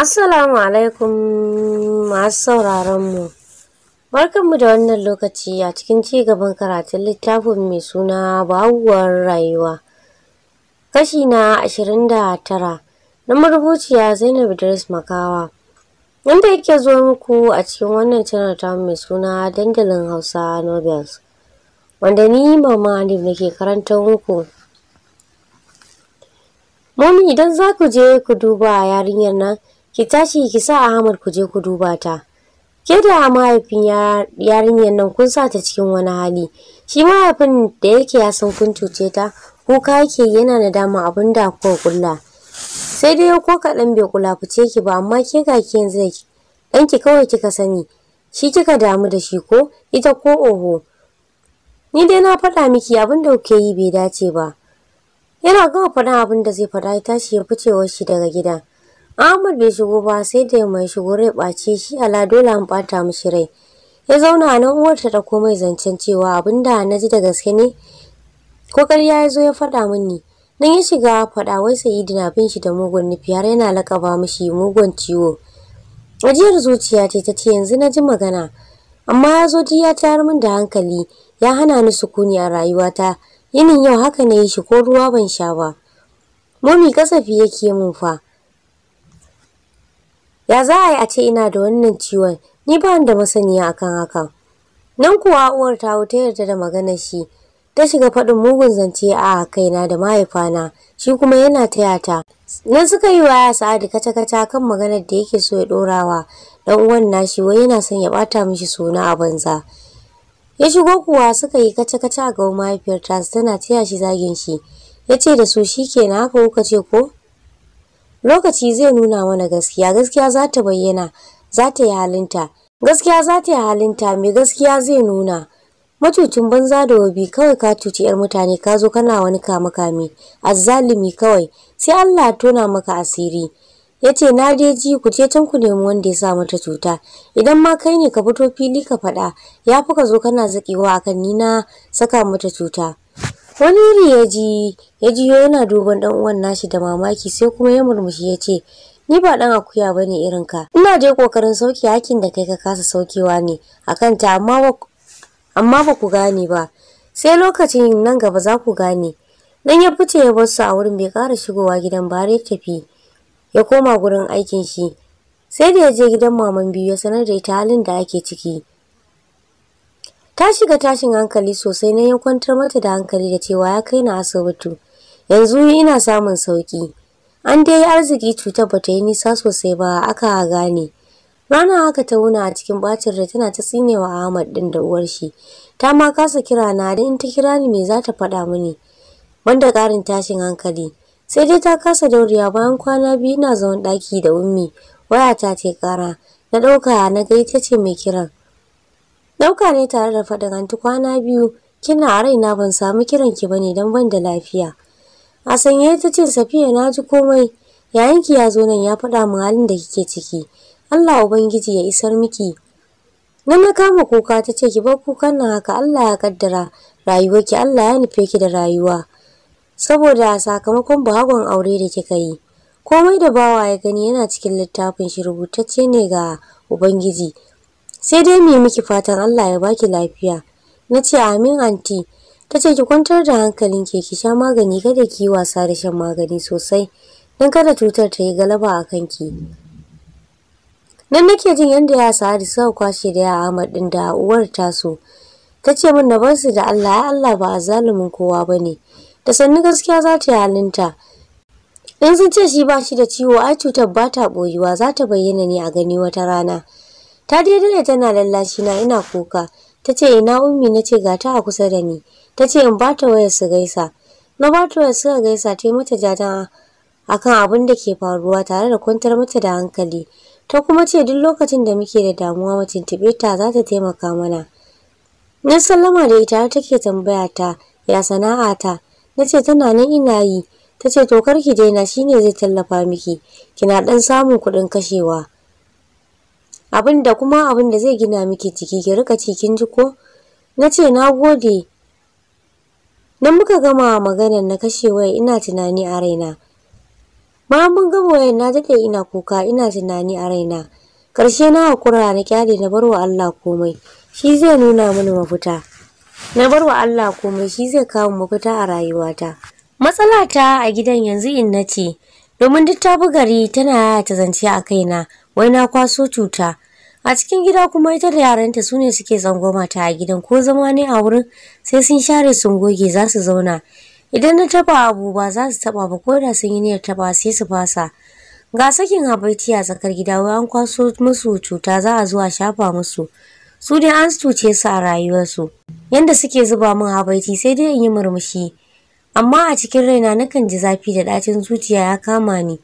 Assalamu alaikum masu sauraronmu. mu da wannan lokaci a cikin ci gaban karatun littafin mai suna bawuwar rayuwa. Kashi na ashirin da tara na marubuciya Zainab Idris Makawa. Wanda yake zuwa muku a cikin wannan channel ta mai suna dandalin Hausa Nobels. Wanda ni Mama ne nake karanta muku. Mami idan za ku je ku duba yarinyar nan ki tashi ki sa Ahmad ku je ku duba ta. Ke da mahaifin yarinyar nan kun sa ta cikin wani hali. Shi mahaifin da yake ya san kun cuce ta, kuka yake yana da dama abin da kuka kulla. Sai dai ko kaɗan bai kula fice ki ba amma ke ga ki yanzu ki kawai kika sani. Shi kika damu da shi ko ita ko oho. Ni dai na faɗa miki abin da kuke yi bai dace ba. Yana gama faɗa abin da zai faɗa ya tashi ya ficewar shi daga gidan. Ahmad bai shigo ba sai da mai shigo rai ɓace shi ala dole an ɓata mishi rai. Ya zauna a nan uwar ta ɗauko mai zancen cewa abinda na ji da gaske ne ko ƙarya ya zo ya faɗa mini. Nan ya shiga faɗa wai Sa'idu na bin shi da mugun nufi har yana laƙaba mishi mugun ciwo. Ajiyar zuciya ce ta ce yanzu na ji magana amma ya zo ya tayar min da hankali ya hana ni sukuni a rayuwata yinin yau haka ne shi ko ruwa ban sha ba. Mami kasafi yake min fa. ya za a yi a ce ina da wannan ciwon ni ba da masaniya akan hakan nan kuwa uwar ta wuta yarda da maganar shi ta shiga faɗin mugun zance a kaina da mahaifana shi kuma yana taya ta nan suka yi waya sa'adu kata-kata kan maganar da yake so ya ɗorawa dan uwan nashi wai yana son ya ɓata mishi suna a banza ya shigo kuwa suka yi kaca-kaca ga mahaifiyar tana taya shi zagin shi ya ce da su shi kenan haka kuka ce ko lokaci zai nuna mana gaskiya gaskiya za ta bayyana za ta yi halinta gaskiya za ta yi halinta mai gaskiya zai nuna matutun banza da wabi kawai ka cuci yar mutane ka zo kana wani kame-kame azzalimi kawai sai Allah tona maka asiri ya ce na dai ji ku je can ku nemi wanda ya sa mata cuta idan ma kai ne ka fito fili ka faɗa ya fi ka zo kana zaƙewa akan ni na saka mata cuta wani iri ya ji ya ji yana duban dan uwan nashi da mamaki sai kuma ya murmushi ya ce ni ba dan akuya bane irin ka ina je kokarin sauki hakin da kai ka kasa saukewa ne akan ta amma ba amma ba ku gane ba sai lokacin nan gaba za ku gane dan ya fice ya bar su a wurin bai kara shigowa gidan ba ya tafi ya koma gurin aikin shi sai da ya je gidan maman biyu ya sanar da ita halin da ake ciki ta shiga tashin hankali sosai na ya kwantar mata da hankali da cewa ya kai na asibiti yanzu ina samun sauki an dai arziki cutar bata yi nisa sosai ba aka gane rana haka ta wuna a cikin bacin da tana ta tsinewa Ahmad din da uwar shi ta ma kasa kira na da in ta kira ni me za ta faɗa mini wanda ƙarin tashin hankali sai dai ta kasa dauriya bayan kwana biyu na zaune ɗaki da ummi waya ta ce ƙara na ɗauka na ga ita ce mai kiran Dauka ne tare da faɗin anti kwana biyu kina a raina ban samu kiranki ki bane dan ban da lafiya. A sanye ta ce Safiya na ji komai yayanki ya zo nan ya faɗa min halin da kike ciki. Allah Ubangiji ya isar miki. Nan na kama kuka ta ce ki bar kukan nan haka Allah ya kaddara rayuwarki Allah ya nufe ki da rayuwa. Saboda sakamakon bahagon aure da kika yi. Komai da bawa ya gani yana cikin littafin shi rubutacce ne ga Ubangiji sai dai mu miki fatan Allah ya baki lafiya na ce amin anti ta ce ki kwantar da hankalin ki ki sha magani kada ki yi wasa da shan magani sosai don kada cutar ta yi galaba a kanki nan nake jin yadda ya sa'adu suka kwashe da ya Ahmad din da uwar tasu ta ce min na bar su da Allah ya Allah ba a zalumin kowa ba ne da sannu gaskiya za ta yi halinta in sun ce shi ba shi da ciwo ai cutar ba ta ɓoyuwa za ta bayyana ne a gani wata rana Ta dare tana lallashi na ina kuka. Ta ce ina ummi na ce ga ta a kusa da ni. Ta ce in bata waya su gaisa. Na bata waya suka gaisa ta yi mata jada akan abin da ke faruwa tare da kwantar mata da hankali. Ta kuma ce duk lokacin da muke da damuwa mu tuntuɓe ta za ta taimaka mana. Na sallama da ita take tambaya ta ya sana'a ta. Na ce tana nan ina yi. Ta ce to kar ki daina shine zai tallafa miki. Kina dan samun kuɗin kashewa. abin da kuma abin da zai gina miki jiki ki rika ci kin ji ko na ce na gode nan muka gama maganar na kashe waya ina tunani a raina Ma mun gama wayar na dade ina kuka ina tunani a raina Karshe na hakura na kyale na barwa Allah komai shi zai nuna mini mafita na barwa Allah komai shi zai kawo mafita a rayuwata matsalata a gidan yanzu in nace domin duk ta bugari tana ta zance a kaina wai na kwaso cuta a cikin gida kuma ita da yaranta su ne suke tsangwama ta a gidan ko zama ne a wurin sai sun share sun goge za su zauna idan na taba abu ba za su taba ba ko da sun yi niyyar taba sai su fasa ga sakin habaiti a tsakar gida wai an kwaso musu cuta za a zo a shafa musu su dai an cuce su a rayuwarsu Yadda suke zuba min habaiti sai dai in yi murmushi amma a cikin raina nakan ji zafi da ɗacin zuciya ya kama ni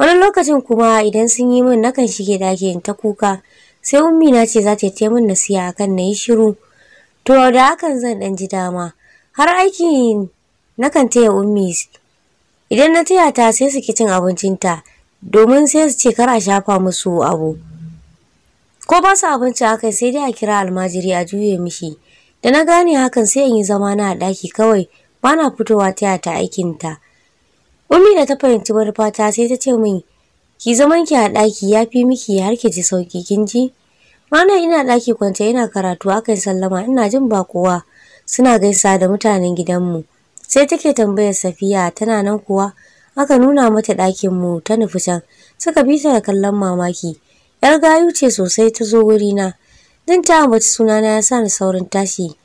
wani lokacin kuma idan sun yi min nakan shige daki in ta kuka sai ummi na ce za ta yi min nasiha akan na yi shiru to da hakan zan dan ji dama har aiki nakan taya ummi idan na taya ta sai su ki cin abincinta domin sai su ce kar a shafa musu abu ko ba su abinci haka sai dai a kira almajiri a juye mishi da na gane hakan sai in yi zama na a ɗaki kawai bana fitowa taya ta aikinta Ummi da ta fahimci manufata sai ta ce min ki zaman ki a ɗaki ya fi miki har ki ji sauki kin ji. Ranar ina ɗaki kwance ina karatu akan sallama ina jin ba kowa suna gaisa da mutanen gidanmu. Sai take tambayar Safiya tana nan kuwa aka nuna mata ɗakin mu ta nufi can suka bi ta kallon mamaki. Yar gayu ce sosai ta zo wurina. Jin ta ambaci sunana ya sa ni saurin tashi.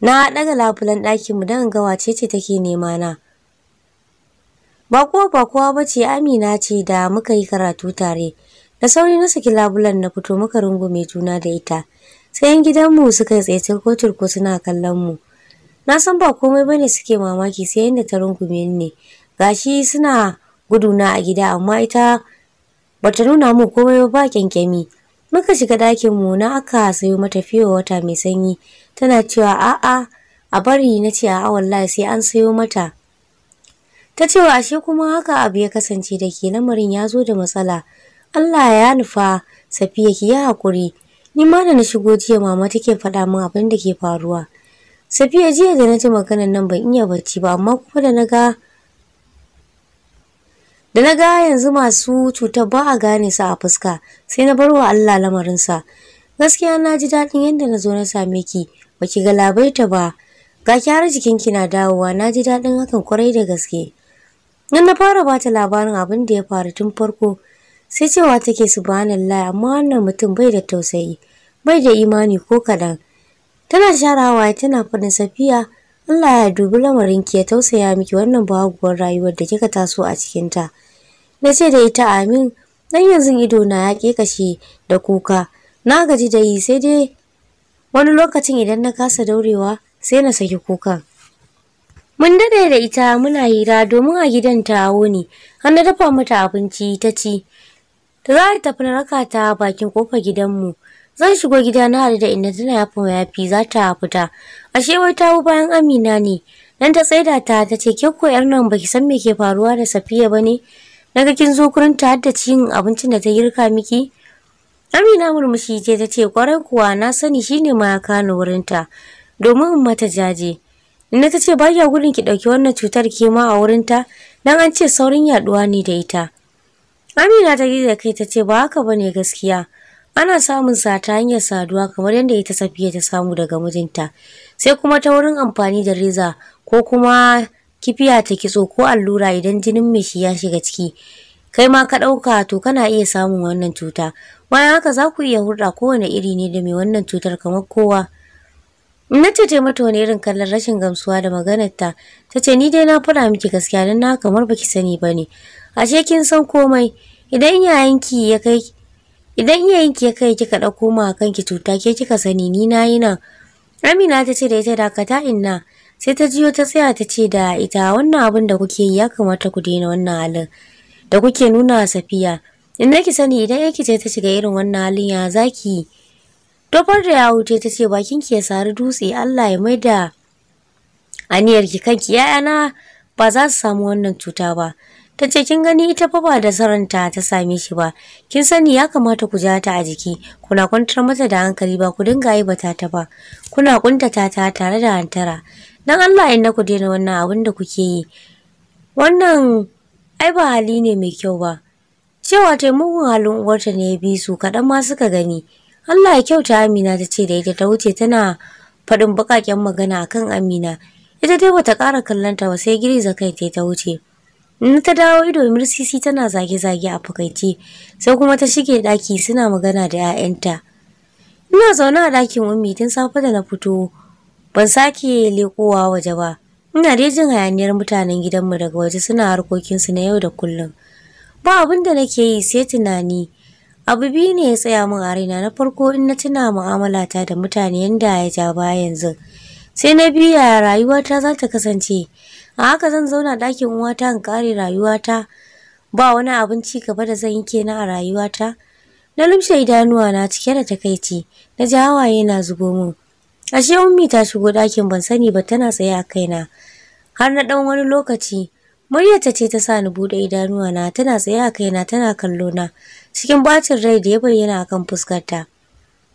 Na ɗaga labulan ɗakin mu don in ga wace ce take nema na. Ba kuma ba kowa ba ce Amina ce da muka yi karatu tare. Da sauri na saki labulan na fito muka rungume juna da ita. Sai yan gidanmu suka tsaye kotur turko suna kallon mu. Na san ba komai bane suke mamaki sai inda ta rungume ni ne. Gashi suna guduna a gida amma ita bata nuna mu komai ba kyankyami. Muka shiga ɗakin mu na aka sayo mata fiyo wata mai sanyi. Tana cewa a'a a bari na ce a'a wallahi sai an sayo mata. ta ce wa ashe kuma haka abu ya kasance da ke lamarin ya zo da matsala Allah ya nufa safiya ki yi haƙuri ni ma da na shigo jiya mama take faɗa min abin da ke faruwa safiya jiya da na ji maganar nan ban iya bacci ba amma kuma da na ga da na ga yanzu masu cutar ba a gane sa a fuska sai na bar wa Allah lamarinsa gaskiya na ji daɗin yadda na zo na same ki ba baki galabaita ba ga kyara jikinki na dawowa na ji daɗin hakan kwarai da gaske Nan na fara bata labarin abin da ya faru tun farko sai cewa take subhanallah amma wannan mutum bai da tausayi bai da imani ko kaɗan. Tana sharawa tana faɗin safiya Allah ya dubi lamarinki ya tausaya miki wannan baguwar rayuwar da kika taso a cikinta. Na ce da ita amin dan yanzu ido na ya kekashe da kuka na gaji da yi sai dai wani lokacin idan na kasa daurewa sai na saki kukan. Mun dade da ita muna hira domin a gidan tawo ne, an dafa mata abinci ta ci. Da za ta tafi na raka ta bakin kofa gidanmu. Zan shigo gida na hada da inda tana yafi mayafi za ta fita. Ashe wai tawo bayan Amina ne. Nan ta tsaida ta ta ce ke ko yar nan baki san me ke faruwa da Safiya ba ne? Naga kin zo kurin ta hadda cin abincin da ta girka miki. Amina murmushi ce ta ce kwarai kuwa na sani shine ma ya kano wurinta domin in mata jaje. Inna ta ce baya gudun ki ɗauki wannan cutar ke ma a wurinta dan an ce saurin yaduwa ne da ita. Amina ta gida kai ta ce ba haka bane gaskiya. Ana samun sa ta hanyar saduwa kamar yadda ita Safiya ta samu daga mijinta. Sai kuma ta wurin amfani da reza ko kuma kifiya ta kitso ko allura idan jinin mai shi ya shiga ciki. Kai ma ka ɗauka to kana iya samun wannan cuta. Bayan haka za ku iya hulɗa kowane iri ne da mai wannan cutar kamar kowa. Nata ce mata wani irin kallon rashin gamsuwa da maganarta. Ta ce ni dai na fada miki gaskiya dan na kamar baki sani ba ne. Ashe kin san komai. Idan yayanki ya kai idan iyayenki ya kai kika ɗauko ma ki cuta ke kika sani ni na yi nan. Amina ta ce da ita dakata inna. Sai ta jiyo ta tsaya ta ce da ita wannan abin da kuke yi ya kamata ku daina wannan halin da kuke nuna Safiya. inna ki sani idan yake ce ta shiga irin wannan halin ya zaki yi. Dofar da ya wuce ta ce bakin ki ya sari dutse Allah ya mai da aniyar ki kanki ‘ya'yana ba za su samu wannan cuta ba. Ta ce kin gani ita fa ba da saranta ta same shi ba. Kin sani ya kamata ku ja ta a jiki, kuna kwantar mata da hankali ba ku dinga yi bata ta ba. Kuna kunta ta tare da hantara. Dan Allah in na ku daina wannan abin da kuke yi. Wannan ai ba hali ne mai kyau ba. Cewa taimakon halin uwarta ne ya bi su kaɗan ma suka gani. Allah ya kyauta Amina ta ce da ita ta wuce tana faɗin baƙaƙen magana akan Amina. Ita dai bata ƙara kallon ba sai giri kai ta ta wuce. In ta dawo ido Mirsisi tana zage-zage a fakaice sai kuma ta shige ɗaki suna magana da 'ya'yanta. Ina zaune a ɗakin ummi tun safe da na fito ban sake leƙowa waje ba. Ina da jin hayaniyar mutanen gidanmu daga waje suna harkokinsu na yau da kullum. Ba abin da nake yi sai tunani. Abu biyu ne ya tsaya min a raina na farko in na tuna mu'amalata da mutane yanda ya ja ba yanzu. Sai na biyu ya rayuwata za ta kasance. A haka zan zauna ɗakin uwata in ƙare rayuwata ba wani abin ci gaba da zan yi kenan a rayuwata. Na lumshe idanuwa na cike da takaici, na ji hawaye na zubo min. Ashe ummi ta shigo ɗakin ban sani ba tana tsaye a kaina. Har na ɗan wani lokaci, murya ta ce ta sa ni buɗe idanuwa na tana tsaye a kaina tana kallo na. cikin bacin rai da ya bayyana a kan fuskarta.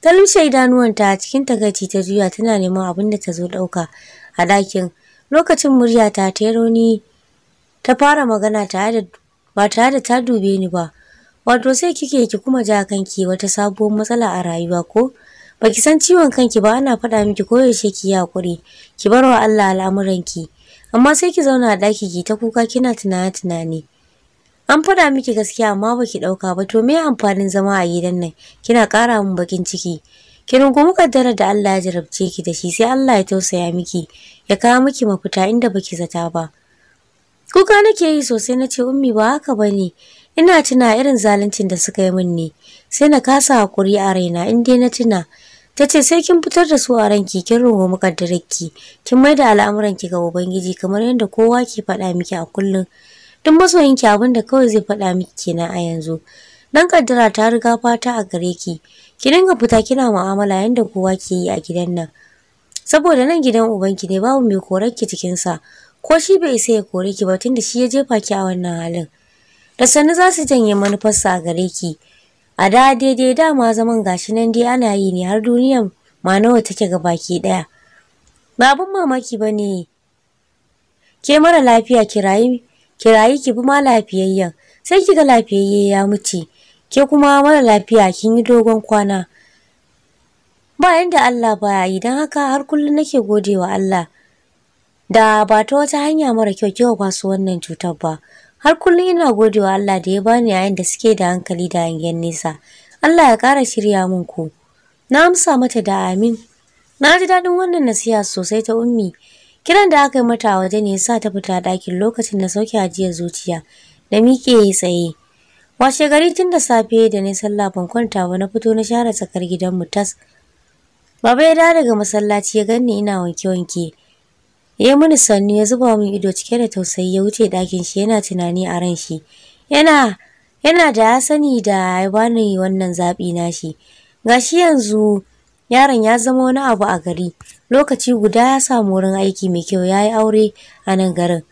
Ta lumshe idanuwanta a cikin takaici ta juya tana neman abin da ta zo ɗauka a ɗakin. Lokacin muryata ta ni ta fara magana ba tare da ta dube ni ba. Wato sai kike ki kuma ja kanki wata sabuwar matsala a rayuwa ko? ba ki san ciwon kanki ba ana faɗa miki koyaushe ki yi haƙuri, ki bar wa Allah al'amuranki. Amma sai ki zauna a ɗaki ki ta kuka kina tunani-tunani. An faɗa miki gaskiya amma baki ɗauka ba to me amfanin zama a gidan nan? Kina kara mun bakin ciki. Ki rungumi kaddara da Allah ya jarabce ki da shi sai Allah ya tausaya miki ya kawo miki mafita inda baki zata ba. Kuka nake yi sosai nace ummi ba haka bane Ina tuna irin zaluncin da suka yi min ne. Sai na kasa hakuri a raina in dai na tuna. Ta sai kin fitar da su a ranki kin rungumi kaddararki. Kin maida ki ga Ubangiji kamar yadda kowa ke faɗa miki a kullum. duk masoyinki abin da kawai zai faɗa miki kenan a yanzu dan kaddara ta riga fata a gare ki ki dinga fita kina mu'amala yanda kowa ke yi a gidan nan saboda nan gidan ubanki ne babu mai korar ki cikin sa ko shi bai isa ya kore ki ba tunda shi ya jefa ki a wannan halin da sannu za su janye manufarsa a gare ki a da daidai dama zaman gashi nan dai ana yi ne har duniyar ma nawa take gaba baki ɗaya. ba abin mamaki ba ne ke mara lafiya kirayi? kirayi ki bi ma lafiyayyen sai kiga lafiyayye ya mutu ke kuma mara lafiya kin yi dogon kwana ba yanda Allah baya yi dan haka har kullum nake godewa Allah da ba ta wata hanya mara kyau kewa kwaso wannan cutar ba har kullum ina godewa Allah da ya bani yayin da suke da hankali da hangen nesa Allah ya ƙara shirya min ku na amsa mata da amin na ji daɗin wannan nasiha sosai ta ummi Kiran da aka yi mata a waje ne sa ta fita ɗakin lokacin da sauke ajiyar zuciya da miƙe tsaye. Washe gari tun da safe da na sallah ban kwanta ba na fito na share tsakar gidan mu tas. Baba ya dawo daga masallaci ya ganni ina wanke-wanke. Ya mini sannu ya zuba min ido cike da tausayi ya wuce ɗakin shi yana tunani a ran shi. Yana yana da ya sani da ya bani wannan zaɓi nashi. shi yanzu Yaron ya zama wani abu a gari. Lokaci guda ya samu wurin aiki mai kyau ya yi aure a nan garin.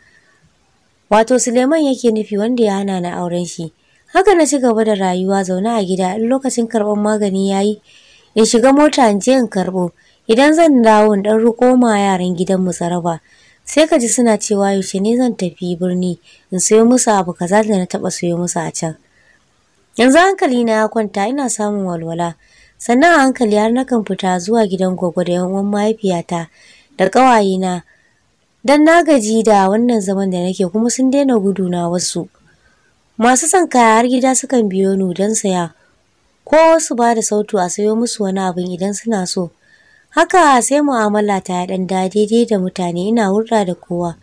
Wato Suleiman yake nufi wanda ya hana na auren shi. Haka na ci gaba da rayuwa zaune a gida in lokacin karɓar magani ya yi. In shiga mota in je in karɓo. Idan zan dawo in ɗan riƙo ma yaran mu tsaraba. Sai ka ji suna cewa yaushe ne zan tafi birni in sayo musu abu kaza da na taɓa sayo musu a can. Yanzu hankali na ya kwanta ina samun walwala. sannan a hankali har nakan fita zuwa gidan gwagwa da yan uwan mahaifiyata da ƙawayena Don na gaji da wannan zaman da nake kuma sun daina gudu na wasu masu son kaya har gida sukan biyo ni don saya ko wasu ba da sautu a sayo musu wani abin idan suna so haka sai mu'amala ta ɗan da daidai da mutane ina hulɗa da kowa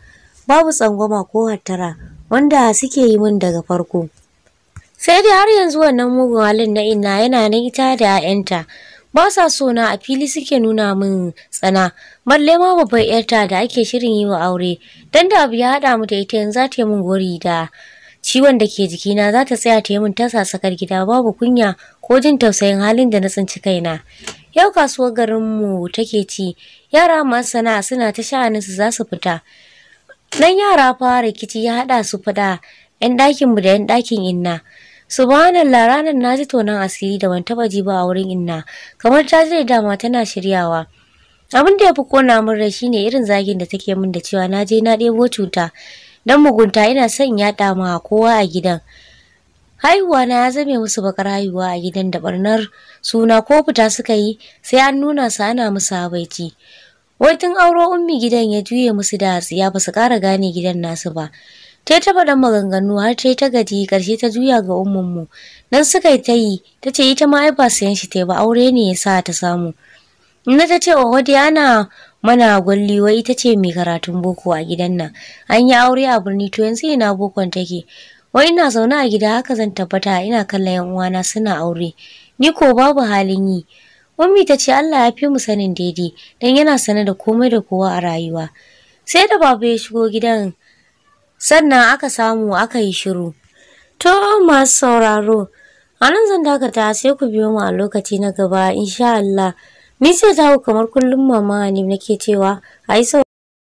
babu tsangwama ko hattara wanda suke yi min daga farko sai dai har yanzu wannan mugun halin na ina yana na ita da 'ya'yanta ba sa sona a fili suke nuna min tsana Malle ma babbar yarta da ake shirin yi wa aure dan da abu ya haɗa mu da ita yanzu za ta yi min gori da ciwon da ke jikina za ta tsaya ta yi min tasa sakar gida babu kunya ko jin tausayin halin da na tsinci kaina yau kasuwar garin mu take ci yara masu sana'a suna ta sha'aninsu za su fita nan yara fara rikici ya haɗa su fada 'yan ɗakin mu da 'yan ɗakin inna subhanallah ranar na ji tonon asiri da ban taba ji ba a wurin inna kamar ta ji dama tana shiryawa abin da ya fi kona min rai shine irin zagin da take min da cewa na je na ɗebo cuta dan mugunta ina son yaɗa ma kowa a gidan haihuwa na ya zame musu bakar haihuwa a gidan da barnar suna ko fita suka yi sai an nuna su ana musu habaici wai tun auro ummi gidan ya juye musu da hatsi ya basu kara gane gidan nasu ba ta ta dan maganganu har ta yi ta gaji karshe ta juya ga ummanmu dan suka yi ta yi ta ce ita ma ai ba sayan shi ta ba aure ne ya sa ta samu na ta ce oho dai ana mana gwalli wai ita ce mai karatun boko a gidan nan an yi aure a birni to yanzu ina bokon take wai ina zaune a gida haka zan tabbata ina kallon yan uwana suna aure ni ko babu halin yi Mummi ta ce Allah ya fi mu sanin daidai don yana sane da komai da kowa a rayuwa. Sai da babu ya shigo gidan sannan aka samu aka yi shiru. To masu sauraro, a nan zan dakata sai ku biyo mu a lokaci na gaba insha Allah. Ni sai ta kamar kullum mama ne nake cewa a yi